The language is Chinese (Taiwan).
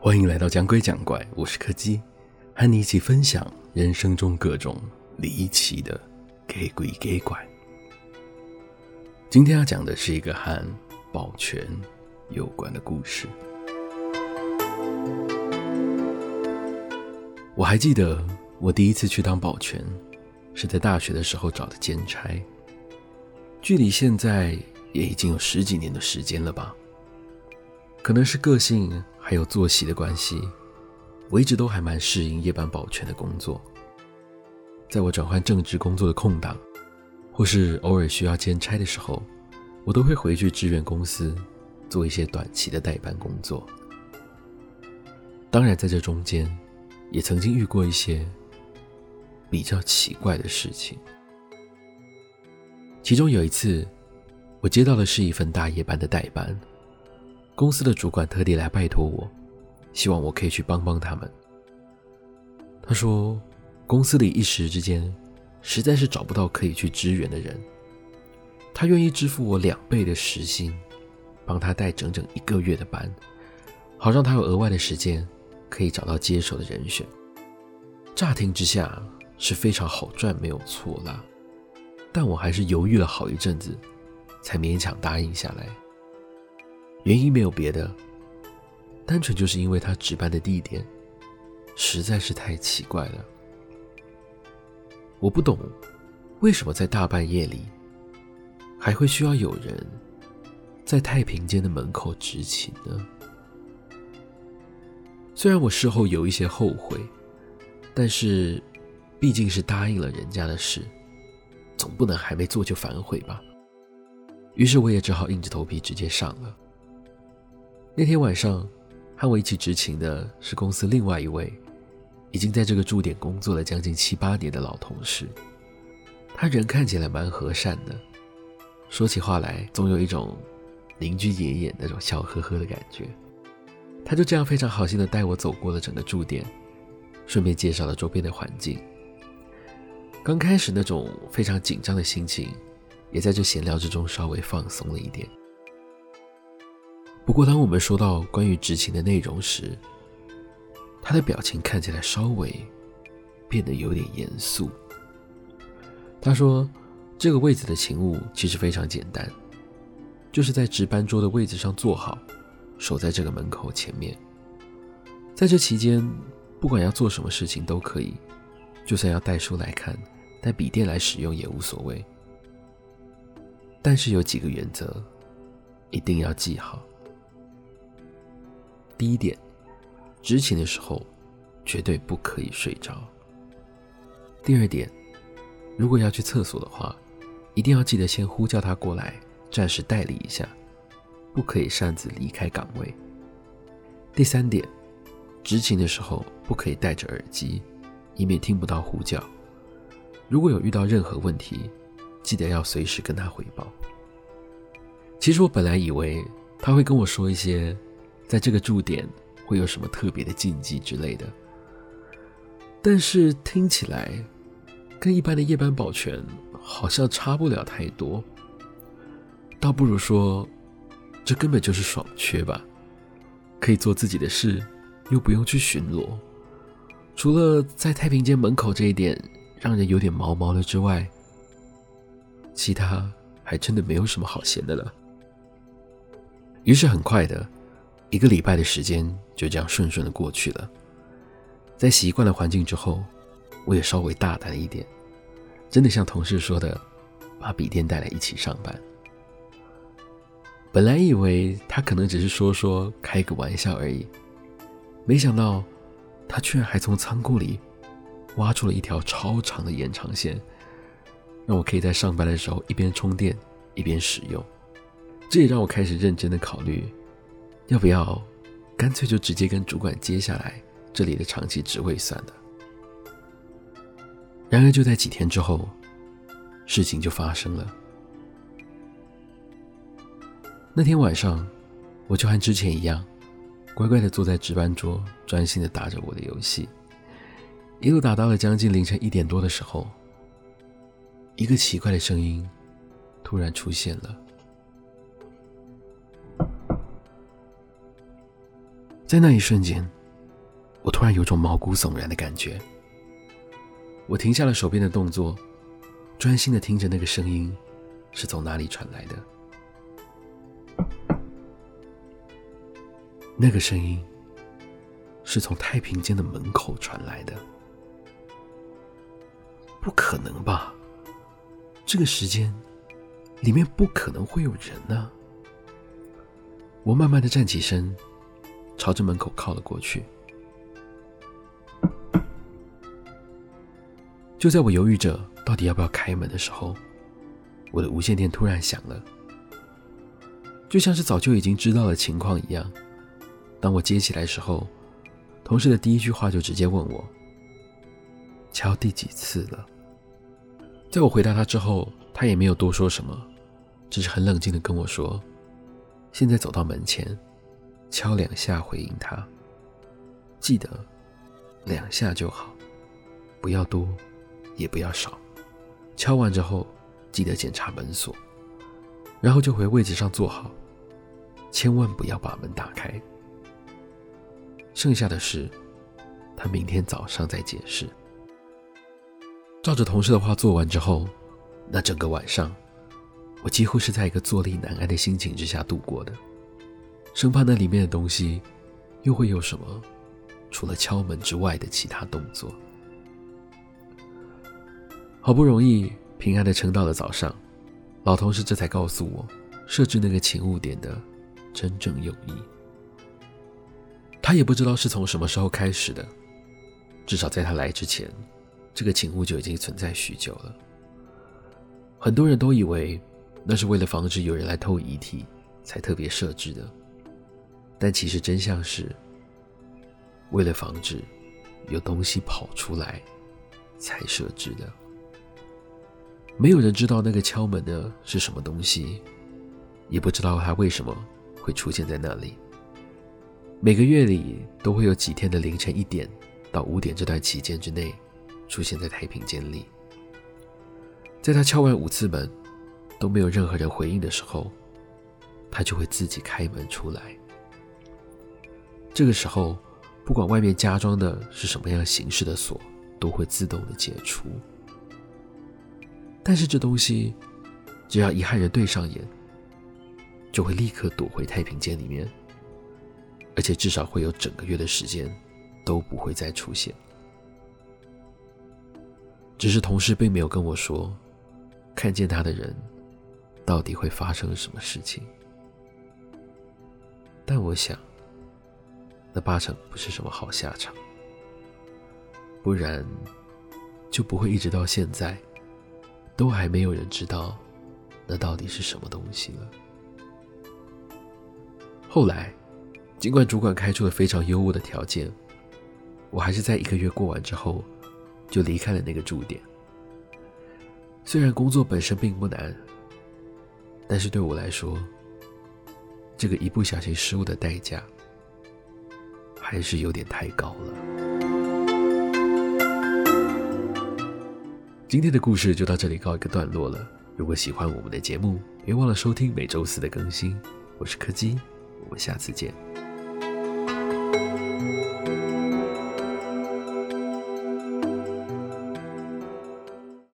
歡迎來到講鬼講怪，我是柯基，和你一起分享人生中各種離奇的鬼鬼怪怪。今天要講的是一個和保全有關的故事。我還記得我第一次去當保全。是在大學的時候找的兼差，距離現在也已經有十幾年的時間了吧。可能是個性還有作息的關係，我一直都還蠻適應夜班保全的工作。在我轉換正職工作的空檔，或是偶爾需要兼差的時候，我都會回去支援公司做一些短期的代班工作。當然，在這中間，也曾經遇過一些比較奇怪的事情。其中有一次，我接到的是一份大夜班的代班。公司的主管特地來拜託我，希望我可以去幫幫他們。他說，公司裡一時之間，實在是找不到可以去支援的人，他願意支付我兩倍的時薪，幫他帶整整一個月的班，好讓他有額外的時間可以找到接手的人選。乍聽之下，是非常好賺，沒有錯啦。但我還是猶豫了好一陣子，才勉強答應下來。原因沒有別的，單純就是因為他值班的地點實在是太奇怪了。我不懂為什麼在大半夜裡還會需要有人在太平間的門口執勤呢？雖然我事後有一些後悔，但是。畢竟是答應了人家的事，總不能還沒做就反悔吧。於是我也只好硬着頭皮直接上了。那天晚上和我一起執勤的是公司另外一位，已經在這個駐點工作了將近七八年的老同事。他人看起來蠻和善的，說起話來總有一種鄰居爺爺那種笑呵呵的感覺。他就這樣非常好心的帶我走過了整個駐點，順便介紹了周邊的環境。剛開始那種非常緊張的心情，也在這閒聊之中稍微放鬆了一點。不過，當我們說到關於執勤的內容時，他的表情看起來稍微變得有點嚴肅。他說：“這個位子的勤務其實非常簡單，就是在值班桌的位置上坐好，守在這個門口前面。在這期間，不管要做什麼事情都可以。”就算要帶書來看，帶筆電來使用也無所謂。但是有幾個原則，一定要記好。第一點，執勤的時候絕對不可以睡着。第二點，如果要去廁所的話，一定要記得先呼叫他過來，暫時代理一下，不可以擅自離開崗位。第三點，執勤的時候不可以戴着耳機。以免聽不到呼叫。如果有遇到任何問題，記得要隨時跟他匯報。其實我本來以為他會跟我說一些，在這個駐點會有什麼特別的禁忌之類的。但是聽起來，跟一般的夜班保全好像差不了太多，倒不如說，這根本就是爽缺吧，可以做自己的事，又不用去巡邏。除了在太平間門口這一點讓人有點毛毛的之外，其他還真的沒有什麼好嫌的了。於是很快的一個禮拜的時間就這樣順順的過去了。在習慣了環境之後，我也稍微大膽一點，真的像同事說的，把筆電帶來一起上班。本來以為他可能只是說說開個玩笑而已，沒想到。他居然還從倉庫裡挖出了一條超長的延長線，讓我可以在上班的時候一邊充電一邊使用。這也讓我開始認真的考慮，要不要乾脆就直接跟主管接下來這裡的長期職位算了。然而，就在幾天之後，事情就發生了。那天晚上，我就和之前一樣。乖乖地坐在值班桌，專心地打着我的遊戲，一路打到了將近凌晨一點多的時候，一個奇怪的聲音突然出現了。在那一瞬間，我突然有種毛骨悚然的感覺。我停下了手邊的動作，專心地聽着那個聲音是從哪裡傳來的。那個聲音是從太平間的門口傳來的，不可能吧？這個時間裡面不可能會有人呢、啊。我慢慢的站起身，朝着門口靠了過去。就在我猶豫着到底要不要開門的時候，我的無線電突然響了，就像是早就已經知道的情況一樣。當我接起來的時候，同事的第一句話就直接問我：“敲第幾次了？”在我回答他之後，他也沒有多說什麼，只是很冷靜地跟我說：“現在走到門前，敲兩下回應他。記得兩下就好，不要多，也不要少。敲完之後，記得檢查門鎖，然後就回位置上坐好，千萬不要把門打開。”剩下的事，他明天早上再解釋。照着同事的話做完之後，那整個晚上，我幾乎是在一個坐立難安的心情之下度過的，生怕那裡面的東西又會有什麼，除了敲門之外的其他動作。好不容易平安的撐到了早上，老同事這才告訴我，設置那個勤務點的真正用意。他也不知道是從什麼時候開始的，至少在他來之前，這個情物就已經存在許久了。很多人都以為那是為了防止有人來偷遺體才特別設置的，但其實真相是為了防止有東西跑出來才設置的。沒有人知道那個敲門的是什麼東西，也不知道他為什麼會出現在那裡。每個月裡都會有幾天的凌晨一點到五點這段期間之內，出現在太平間裡。在他敲完五次門都沒有任何人回應的時候，他就會自己開門出來。這個時候，不管外面加裝的是什麼樣形式的鎖，都會自動的解除。但是這東西，只要一和人對上眼，就會立刻躲回太平間裡面。而且至少會有整個月的時間，都不會再出現。只是同事並沒有跟我說，看見他的人，到底會發生什麼事情。但我想，那八成不是什麼好下場。不然，就不會一直到現在，都還沒有人知道，那到底是什麼東西了。後來。儘管主管開出了非常優渥的條件，我還是在一個月過完之後就離開了那個駐點。雖然工作本身並不難，但是對我來說，這個一不小心失誤的代價還是有點太高了。今天的故事就到這裡告一個段落了。如果喜歡我們的節目，別忘了收聽每週四的更新。我是柯基，我們下次見。